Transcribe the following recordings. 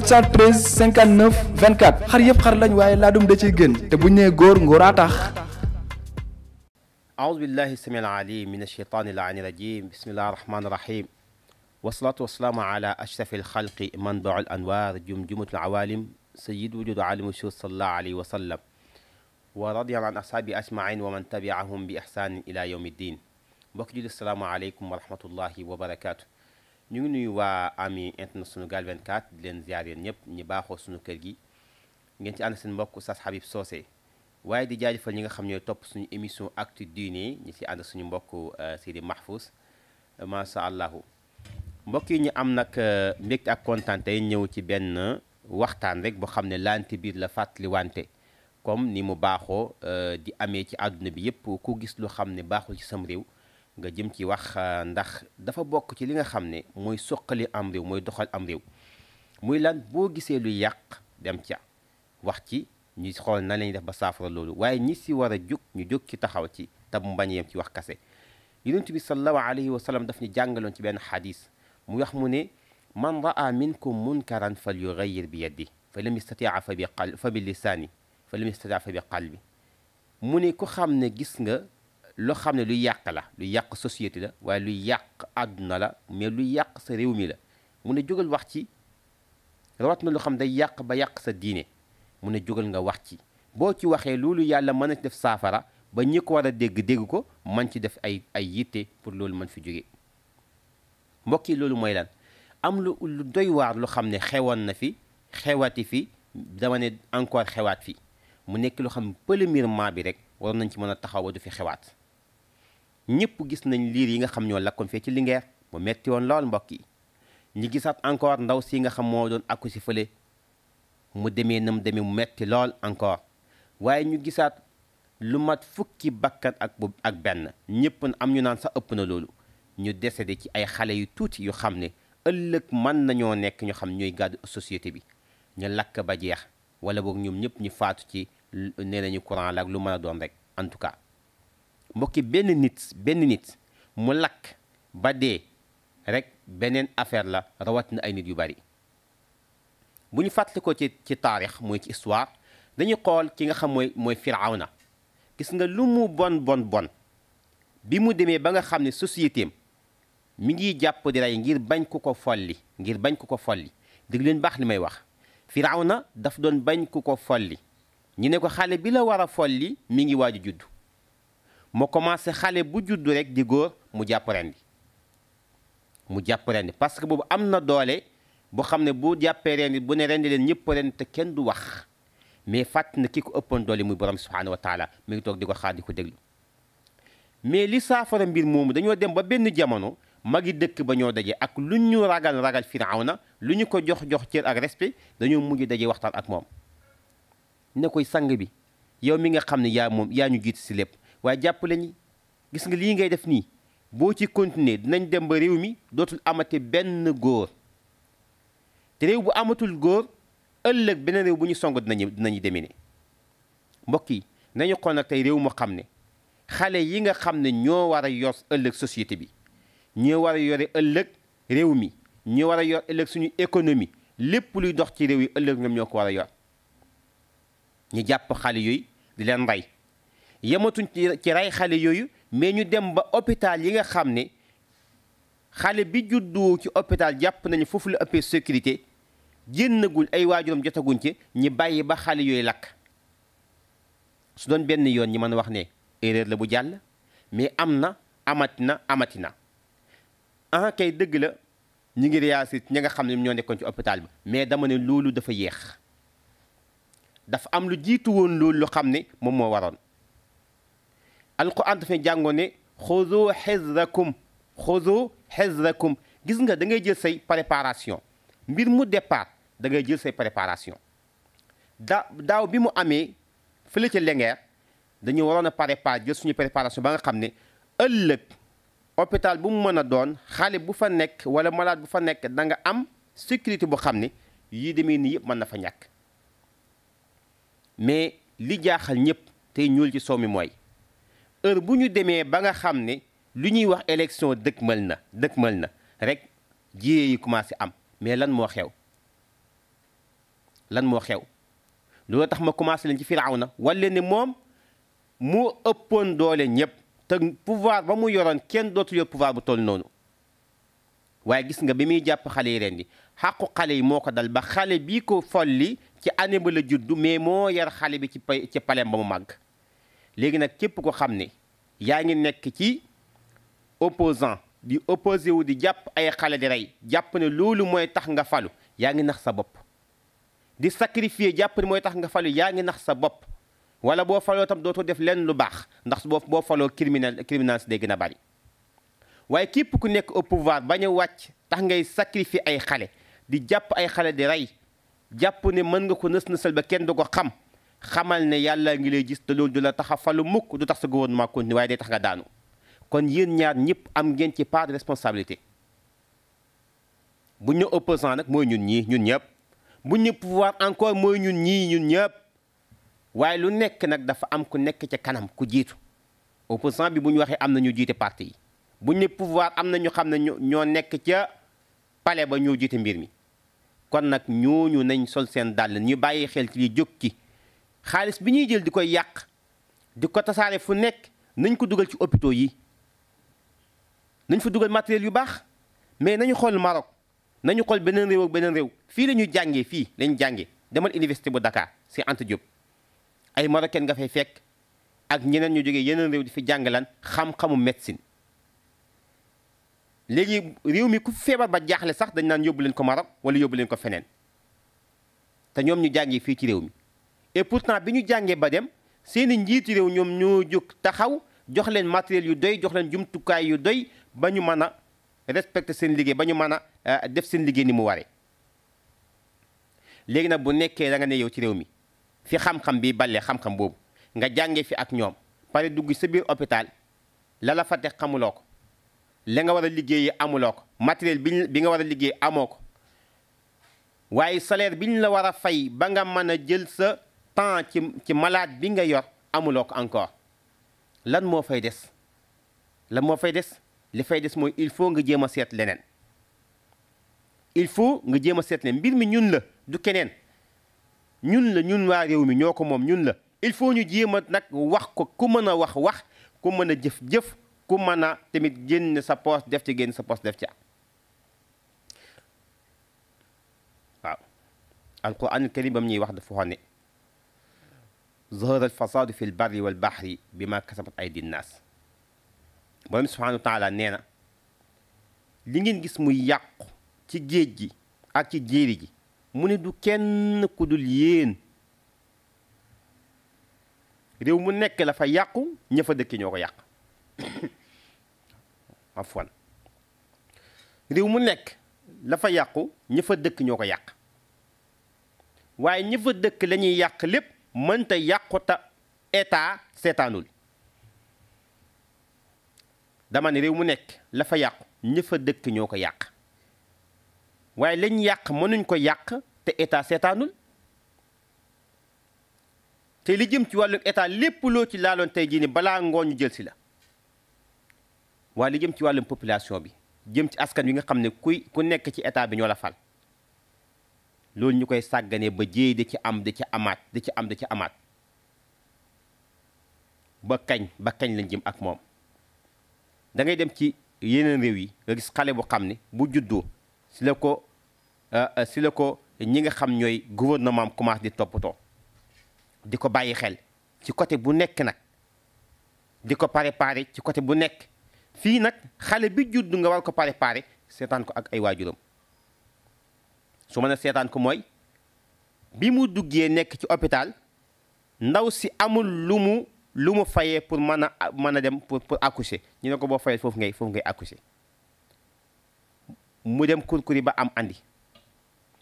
713 59 24 xar yëpp xar lañ waaye laadum da ciy gën te bu ñu nee góor ngóoraa tax. aoudu billahi samil alim min asheytaani laani rajim bismillahi rahmaani rahim wasalaatu wasalaamu ala ashrafi alxalqi manbau al anwaar jumjumatu alawaalim sayid wujud alimu suuf salallahu alayhi wa sallam wa radiya an ashaabi ajmain wa man tabiahum bi ihsanin ila yawmi ddin mbokk julli salaamu aleykum wa rahmatullahi wa barakaatu ñu ngi nuyu waa ami international Sunugal 24 di leen ziar yéen ñëpp ñi baaxoo suñu kër gi ngeen ci ànd seen mbokk Oustaz Habib Socé waaye di jaajëfal ñi nga xam ne topp suñu émission actu diine ñi ci ànd suñu mbokk euh, Sidi Mahfous euh, macha allah mbokk yi ñu am nag euh, mbégte ak kontaan tey ñëw ci benn waxtaan rek boo xam ne laante biir la fàttali wante comme ni mu baaxoo di amee ci àdduna bi yëpp ku gis lu xam ne baaxul ci sam réew. nga jëm ci wax euh, ndax dafa bokk ci li nga xam ne mooy soqali am réew mooy doxal am réew muy lan boo gisee lu yàq dem ca wax ci ñu xool na lañuy def ba saafara loolu waaye ñi si war a jóg ñu jóg ci taxaw ci te mu bañ ci wax kase yonent bi sallallahu alayhi wa sallam daf ñu jàngaloon ci benn xadis mu wax mu ne man raa minkum munkaran fal yughayyir bi yadi fa lam yastatia fa bi qal fa bi lisaani fa lam yastatia fa bi qalbi mu ne ku xam ne gis nga loo xam ne lu yàq la lu yàq société la waaye lu yàq àdduna la mais lu yàq sa réew mi la mu ne jógal wax ci rawat na loo xam day yàq ba yàq sa diine mu ne jógal nga wax ci boo ci waxee loolu yàlla mën na def saafara ba ñi war a dégg dégg ko man ci def ay ay yitte pour loolu man fi jóge mbokk yi loolu mooy lan am lu lu doy waar lu xam ne xewoon na fi xewati fi dama ne encore xewaat fi mu nekk loo xam premièrement bi rek waroon nañ ci mën a taxaw ba xewaat ñëpp gis nañ liir yi nga xam ñoo lakkoon fee ci Linguère mu metti woon lool mbokk yi ñi gisaat encore ndaw si nga xam moo doon àkku si fale mu demee nam demee mu metti lool encore waaye ñu gisaat lu mat fukki bakkan ak bu ak benn ñëpp am ñu naan sax ëpp na loolu ñu décédé ci ay xale yu tuuti yu xam ne ëllëg mën nañoo nekk ñu xam ñooy gàddu société bi ñu lakk ba jeex wala boog ñoom ñëpp ñu faatu ci nee nañu courant la ak lu mën a doon rek en tout cas mbokki benn nit benn nit mu lakk ba dee rek beneen affaire la rawatina ay nit yu bari bu ñu fàttali ko ci ci taarix mooy ci histoire dañuy xool ki nga xam mooy mooy Firawna gis nga lu mu bon bon bon bi mu demee ba nga xam ne société mu ngi jàpp rey ngir bañ ku ko folli ngir bañ ku ko folli dégg baax li may wax Firawna daf doon bañ ku ko folli ñu ne ko xale bi la war a folli mi ngi waaju juddu mu commencé xale bu judd rek di góor mu jàpp rendi mu jàpp rendi parce que boobu am na doole boo xam ne boo jàppee rendi bu ne rendi leen ñëpp rendi te kenn du wax mais fàtt na ki ko ëppoon doole muy borom subhaanahu wa taala mi ngi toog di ko xaar di ko déglu mais li saafara mbir moomu dañoo dem ba benn jamono mag yi dëkk ba ñoo dajee ak lu ñu ragal ragal firawna lu ñu ko jox jox cër ak respect dañoo mujj daje waxtaan ak moom ne koy sang bi yow mi nga xam ne yaa moom yaa ñu jiit si lépp waaye jàppale ñi gis nga lii ngay def nii boo ci continuer dinañ dem ba réew mi dootul amati benn góor te réew bu amatul góor ëllëg beneen réew bu ñu song dinañu dinañu demine mbokk yi nañu xool nag tey réew mu xam ne xale yi nga xam ne ñoo war a yor ëllëg société bi ñoo war a yore ëllëg réew mi ñoo war a yor ëllëg suñu économie lépp luy dox ci réew yi ëllëg ñoom ñoo ko war a yor ñu jàpp xale yooyu di leen rey yamatuñ ci rey xale yooyu mais ñu dem ba hôpital yi nga xam ne xale bi juddu ci hôpital jàpp nañu foofu la ëppee sécurité génnagul ay waajuram jotaguñ ci ñi bàyyi ba xale yooyu lakk su doon benn yoon ñi mën wax ne erreur la bu jàll mais am na amati na amati na ah kay dëgg la ñu ngi réagir ñi nga xam ne ñoo nekkoon ci hôpital bi mais dama ne loolu dafa yéex dafa am lu jiitu woon loolu lu xam ne moom moo waroon alquran dafay jàngoo ne xoso xizrakum xuzu xizrakum gis nga dangay jël say préparation mbir mu départ da ngay jël say préparation da daaw bi mu amee fële ca Linguère dañu waroon a préparer jël suñu préparation ba nga xam ne ëllëg hôpital bu mu mën a doon xale bu fa nekk wala malade bu fa nekk da nga am sécurité bu xam ne yii demee nii yëpp mën na fa ñàkk mais li jaaxal ñëpp tey ñuul ci soow mi mooy heure bu ñu demee ba nga xam ne lu ñuy wax élection dëkkmal na dëkkmal na rek jiyee yi commencé am mais lan moo xew lan moo xew loolu tax ma commencé leen ci Firawna walla ne moom moo ëppoon doole ñëpp te pouvoir ba mu yoroon kenn dootul yor pouvoir bu toll noonu waaye gis nga bi muy jàpp xale yi ren di xàqu xale yi moo ko dal ba xale bii ko folli ci année ba la juddu mais moo yar xale bi ci pay ci palem ba mu màgg léegi nag képp ko xam ne yaa ngi nekk ci opposant di opposé wu di jàpp ay xale di rey jàpp ne loolu mooy tax nga falu yaa ngi nax sa bopp di sacrifier jàpp ne mooy tax nga falu yaa ngi nax sa bopp wala boo faloo tam dootoo def lenn lu baax ndax boo boo faloo criminel criminels day gën a bari waaye képp ku nekk au pouvoir bañ wàcc tax ngay sacrifier ay xale di jàpp ay xale di rey jàpp ne mën nga ko nës-nësal ba kenn du ko xam xamal ne yàlla ngi lay gis te loolu du la tax a falu mukk du tax sa gouvernement continue waaye day tax nga daanu kon yéen ñaar ñëpp am ngeen ci part de bu ñu opposant nag mooy ñun ñii ñun ñëpp bu ñu pouvoir encore mooy ñun ñii ñun ñëpp waaye lu nekk nag dafa am ku nekk ca kanam ku jiitu opposant bi bu ñu waxee am na ñu jiite parti bu ñu pouvoir am na ñu xam ne ñoo nekk ca pale ba ñoo jiite mbir mi kon nag ñooñu nañ sol seen dàll ñu bàyyi xel ci li jóg ci xaalis bi ñuy jël di koy yàq di ko tasaare fu nekk nañ ko dugal ci hôpitaux yi nañ fa dugal matériel yu baax mais nañu xool Maroc nañu xool beneen réew ak beneen réew fii la ñuy jàngee fii lañu jàngee demal université bu Dakar c'est Anta Diop ay marocain nga fay fekk ak ñeneen ñu jógee yeneen réew di fi jàngalan xam-xamu médecine léegi réew mi ku feebar ba jaaxle sax dañ naan yóbbu leen ko Maroc wala yóbbu leen ko feneen te ñoom ñu jàngee fii ci réew mi et pourtant bi ñu jàngee ba dem seen i njiiti réew ñoom ñoo jóg taxaw jox leen matériel yu doy jox leen jumtukaay yu doy ba ñu mën a respecter seen liggéey ba ñu mën a euh, def seen liggéey ni mu ware léegi nag bu nekkee da nga ne yow ci réew mi fi xam-xam bi balee xam-xam boobu nga jàngee fi ak ñoom pare dugg sa biir hôpital lala fa teg xamuloo ko la nga war a liggéeyee amuloo ko matériel bi bi nga war a liggéey amoo ko waaye salaire bi ñu la war a fay ba nga mën a jël sa. temps ci ci malade bi nga yor amuloo ko encore lan moo fay des lan moo fay des li fay des mooy il faut nga jéem a seet leneen il faut nga jéem a seet leneen mbir mi ñun la du keneen ñun la ñun waa réew mi ñoo ko moom ñun la il faut ñu jéem a nag wax ko ku mën a wax wax ku mën a jëf-jëf ku mën a tamit génn sa poos def ci génn sa poos def ci waaw alquran karim bam ñuy wax dafa waxoon ne zahara alfasadu fi lbarri walbahri bi ma kasabat aydi nnaas borom subhanahu wa taala nee na li ngeen gis muy yàq ci géej gi ak ci jéeri ji mu ne du kenn ku dul yéen réew mu nekk la fa yàqu ña fa dëkk ñoo ko yàq afwan réew mu nekk la yàqu ña dëkk ñoo ko yàq waaye ña dëkk lañuy yàq lépp mënta yàquta état seetaanul dama ne réew mu nekk la fa yàqu ña fa dëkk ñoo ko yàq waaye lañ yàq mënuñ ko yàq te état seetaanul te li jëm ci wàllum état lépp loo ci laaloon tey jii ni balaa ngoon ñu jël si la waaye li jëm ci wàllum population bi jëm ci askan wi nga xam ne kuy ku nekk ci état bi ñoo la fal loolu ñu koy sàgganee ba jéey di ci am da ci amaat da ci am da ci amaat ba kañ ba kañ lañ jëm ak moom da ngay dem ci yeneen réew yi nga gis xale bu xam ne bu juddoo si la ko euh, euh, si la ko ñi nga xam ñooy gouvernement am commencé di toppatoo di ko bàyyi xel ci côté bu nekk nag di ko préparé ci côté bu nekk fii nag xale bi judd nga war ko pare pare seetaan ko ak ay waajuram su mën a seetaan ko mooy bi mu duggee nekk ci hôpital ndaw si amul lu mu lu mu fayee pour mën a mën a dem pour pour accoucher ñu ne ko boo fayee foofu ngay foofu ngay accoucher mu dem kurkuri ba am andi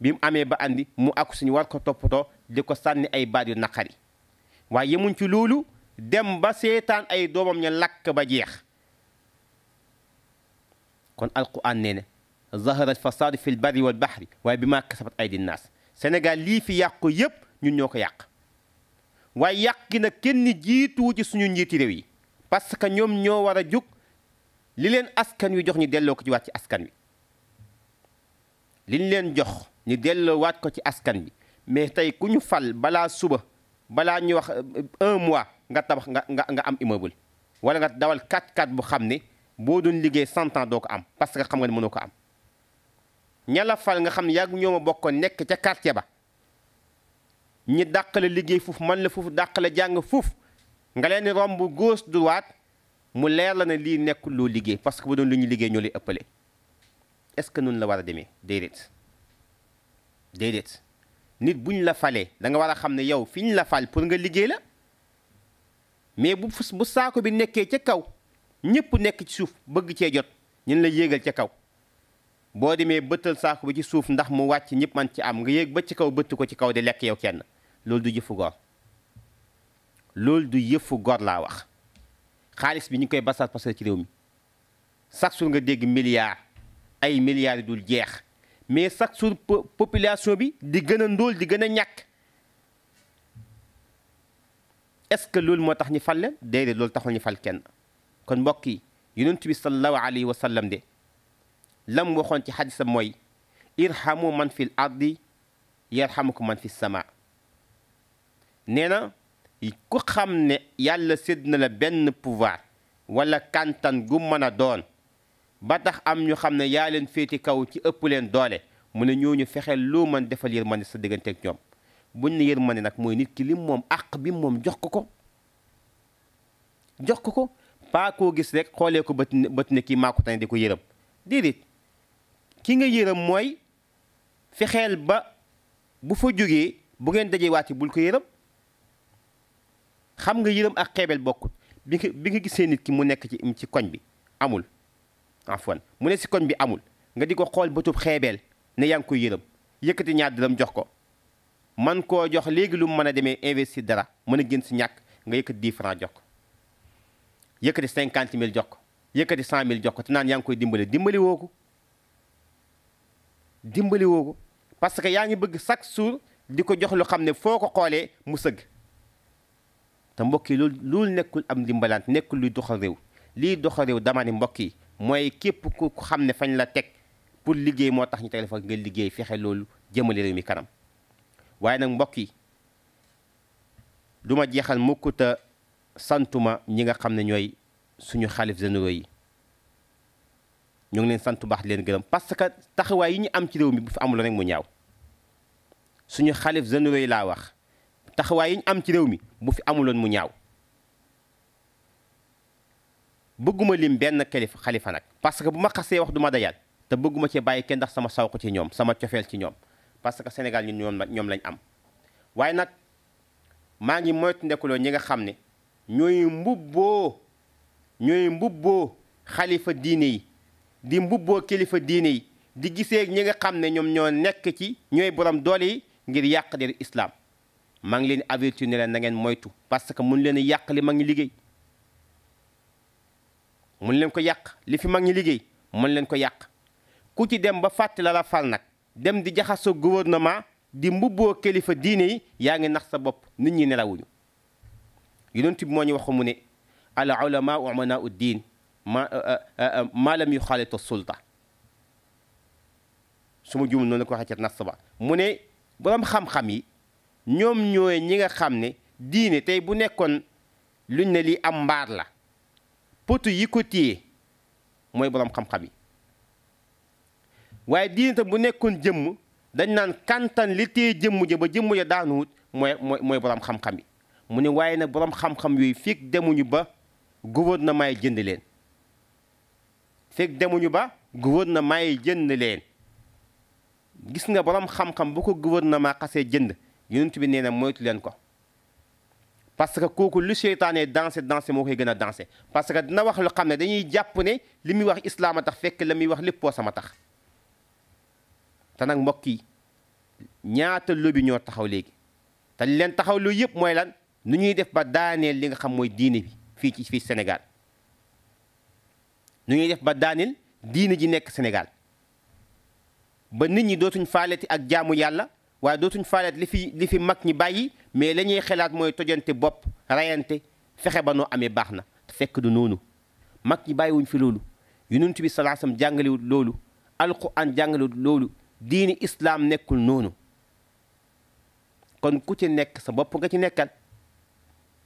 bi mu amee ba andi mu accoucher ñu war ko toppatoo di ko sànni ay baat yu naqari waaye yemuñ ci loolu dem ba seetaan ay doomam ñu lakk ba jeex kon alquran nee na zahara fasaadu fil barri wal bahri waaye bi maa kasabat aydi naas Sénégal lii fi yàq ko yëpp ñun ñoo ko yàq waaye yàq gi nag kenn jiitu ci suñu njiiti réew yi parce que ñoom ñoo war a jug li leen askan wi jox ñu delloo ko ci waat ci askan wi liñ leen jox ñu delloo waat ko ci askan wi mais tey ku ñu fal balaa suba balaa ñu wax euh, un mois nga tabax nga nga nga am immeuble wala nga dawal 4x4 bu xam ne boo doon liggéey cent ans doo ko am parce que xam nga ne mënoo ko am ña la fal nga xam ne yàgg ñoo ma bokkoon nekk ca quartier ba ñi dàqale liggéey foofu man la foofu dàqale jàng foofu nga leen di romb gauche droite mu leer la ne lii nekkul loo liggéey parce que bu doon lu ñu liggéey ñoo lay ëppale est-ce que nun la war a demee déedéet déedéet nit buñ la falee da nga war a xam ne yow fi ñu la fal pour nga liggéey la mais bu bu saako bi nekkee ca kaw ñëpp nekk ci suuf bëgg cee jot ñun la yéegal ca kaw boo demee bëtal saako bi ci suuf ndax mu wàcc ñëpp man ci am nga yéeg ba ci kaw bëtt ko ci kaw di lekk yow kenn loolu du yëfu gor loolu du yëfu gor laa wax xaalis bi ñu koy basar parce que ci réew mi chaque jour nga dégg milliards ay milliards yi dul jeex mais chaque jour population bi di gën a ndóol di gën a ñàkk est-ce que loolu moo tax ñu fal leen déedéet loolu taxul ñu fal kenn kon mbokk yi yonent bi sallallahu alayhi wa sallam de lam waxoon ci xadisam mooy irhamu man fil ardi ko man fi sama nee na ku xam ne yàlla sedd na la benn pouvoir walla kàntan gu mën a doon ba tax am ñu xam ne yaa leen féeti kaw ci ëpp leen doole mu ne ñu fexeel loo man defal yërmande sa digganteeg ñoom buñ ne yërmande nag mooy nit ki lim moom àq bi moom jox ko ko jox ko ko paa koo gis rek xoolee ko bët bët ne kii maa ko tane di ko yërëm déedéet ki nga yërëm mooy fexeel ba bu fa jógee bu ngeen dajee waati bul ko yërëm xam nga yërëm ak xeebel bokkut bi nga bi nga gisee nit ki mu nekk ci ci koñ bi amul afwan mu ne si koñ bi amul nga di ko xool bëtub xeebeel ne yaa ngi koy yërëm yëkkati ñaar dërëm jox ko man koo jox léegi lu mu mën a demee investir dara mën a gën si ñàkk nga yëkkati 10 francs jox ko yëkkati 50 mille jox ko yëkkati 100 mille jox ko te naan yaa ngi koy dimbale dimbali woo ko dimbali woo ko parce que yaa ngi bëgg chaque jour di ko jox lu xam ne foo ko xoolee mu sëgg te mbokk yi loolu loolu nekkul am dimbalante nekkul luy doxal réew lii doxal réew dama ne mbokk yi mooy képp ku xam ne fañ la teg pour liggéey moo tax ñu teg la fa nga liggéey fexe loolu jëmale réew mi kanam waaye nag mbokk yi du jeexal mukkuta santuma ñi nga xam ne ñooy suñu xalif généraux yi ñoo ngi leen sant bu baax leen gërëm parce que taxawaay yi ñu am ci réew mi bu fi amul mu ñaaw suñu xalif généraux yi laa wax taxawaay yi ñu am ci réew mi bu fi amuloon mu ñaaw bëgguma lim benn kilifa xalifa nag parce que bu ma xasee wax du ma dayal te bëgguma cee bàyyi kenn ndax sama sawq ci ñoom sama cofeel ci ñoom parce que Sénégal ñun ñoom ñoom lañ am waaye nag maa ngi moytu ndekuloo ñi nga xam ne ñooy mbubboo ñooy mbubboo xalifa diine yi di mbubboo kilifa diine yi di gisee ñi nga xam ne ñoom ñoo nekk ci ñooy borom doole yi ngir yàq der islaam maa ngi leen avertir ne leen na ngeen moytu parce que mun leen yàq li mag ñi liggéey mun leen ko yàq li fi mag ñi liggéey mun leen ko yàq ku ci dem ba fàttali la la fal nag dem di jaxasoo gouvernement di mbubboo kilifa diine yi yaa ngi nax sa bopp nit ñi nelawuñu yonent bi moo ñu waxu mu ne al ulama umanaau diin ma euh, euh, euh, maalam yu xaalito sulta su ma jumul noonu la ko waxee ca nas ba mu ne boroom xam-xam yi ñoom ñooy ñi nga xam ne diine tey bu nekkoon luñ ne lii am mbaar la potu yi ko téye mooy boroom xam-xam yi waaye diine tam bu nekkoon jëmm dañ naan kantan li téye jëmm ja ba jëmm ja daanuwut mooy mooy mooy borom xam-xam yi mu ne waaye nag borom xam-xam yooyu fii demuñu ba gouvernement yi jënd leen. fekk demuñu ba gouvernement yi jënd leen gis nga borom xam-xam bu ko gouvernement xasee jënd yonent bi nee na moytu leen ko parce que kooku lu seytaane danse danse moo koy gën a danse parce que dina wax lu xam ne dañuy jàpp ne li muy wax islaam a tax fekk la muy wax léppoo sama tax te nag mbokk yi ñaata lobi ñoo taxaw léegi te leen taxaw lu yëpp mooy lan nu ñuy def ba daaneel li nga xam mooy diine bi fii ci fii Sénégal nu ñuy def ba daaneel diine ji nekk Sénégal ba nit ñi dootuñu faaleti ak jaamu yàlla waaye dootuñ faalet li fi li fi mag ñi bàyyi mais la ñuy xalaat mooy tojante bopp rayante fexe ba noo amee baax na te fekk du noonu mag ñi bàyyiwuñ fi loolu yonent bi salaasam jàngalewut loolu alquran jàngalewut loolu diini islaam nekkul noonu kon ku ci nekk sa bopp nga ci nekkal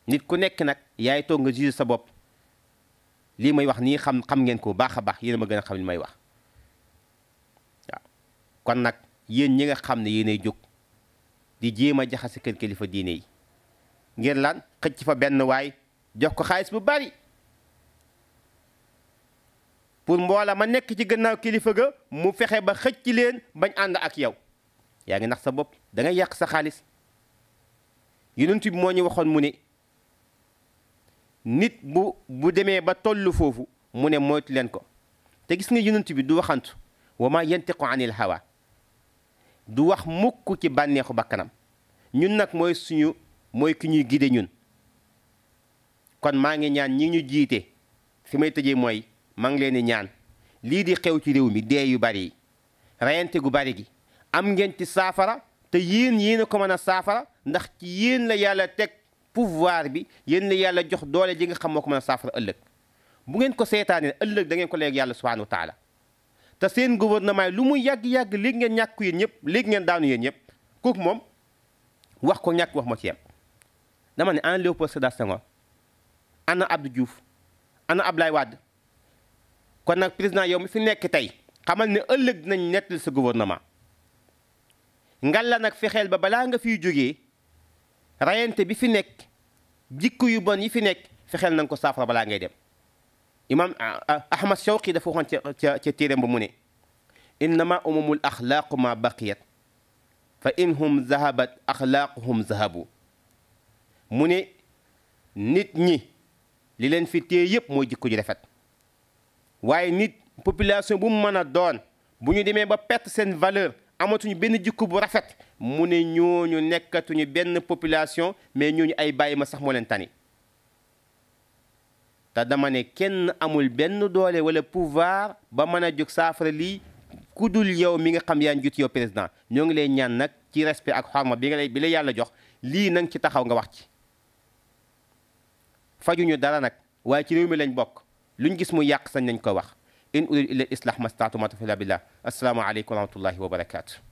nit ku nekk nag yaay toog nga juge sa bopp lii may wax nii xam xam ngeen ko baax a baax yéen a ma gën a xam li may wax waaw kon nag yéen ñi nga xam ne yéenay jóg di jéem a jaxase kër kilifa diine yi ngeen lan xëcc fa benn waay jox ko xaalis bu bari pour mboola ma nekk ci gannaaw kilifa ga mu fexe ba xëcc leen bañ ànd ak yow yaa ngi nax sa bopp da yàq sa xaalis yonent bi moo ñu waxoon mu ne nit bu bu demee ba toll foofu mu ne moytu leen ko te gis nga junant bi du waxantu wa ma yantiqu anil hawa du wax mukk ci bànneexu bakkanam ñun nag mooy suñu mooy ki ñuy gide ñun kon maa ngi ñaan ñi ñu jiite fi may tëjee mooy maa ngi leen di ñaan lii di xew ci réew mi dee yu bari yi rayante gu bari gi am ngeen ci saafara te yéen yéen ko mën saafara ndax ci yéen la yàlla teg pouvoir bi yéen yàlla jox doole ji nga xam moo ko mën a saafara ëllëg bu ngeen ko seetaanee ëllëg da ngeen ko léegi yàlla subhanahu wa te seen gouvernement yi lu muy yàgg-yàgg léegi ngeen ñàkk yéen ñëpp léegi ngeen daanu yéen ñëpp kooku moom wax ko ñàkk wax moo ci yem dama ne ana Léopold Sédar Senghor ana Abdou Diouf ana Abdoulaye Wade kon nag président yow mi fi nekk tey xamal ne ëllëg dinañ nettali sa gouvernement ngal la nag fexeel ba balaa nga fi jóge rayante bi fi nekk jikko yu bon yi fi nekk fexeel na nga ko saafara balaa ngay dem imam ahmad shawqi dafa waxoon ca ca ca téeréem ba mu ne innama umumul axlaaqu ma baqiyat fa inhum zahabat axlaaquhum zahabu mu ne nit ñi li leen fi téye yëpp mooy jikko ji rafet waaye nit population bu mu mën a doon bu ñu demee ba perte seen valeur amatuñu benn jikko bu rafet mu ne ñooñu nekkatuñu benn population mais ñooñu ay bàyyi ma sax moo leen tani te dama ne kenn amul benn doole wala pouvoir ba mën a jóg saafara lii ku dul yow mi nga xam yaa njiit yow président ñoo ngi lay ñaan nag ci respect ak xorma bi nga lay bi la yàlla jox lii nang ci taxaw nga wax ci fajuñu dara nag waaye ci réew mi lañ bokk luñ gis mu yàq sañ lañ ko wax in uridu illa islah ma stata'tu ma tawfiqi illa billah assalaamu aleykum wa rahmatullahi wa barakatu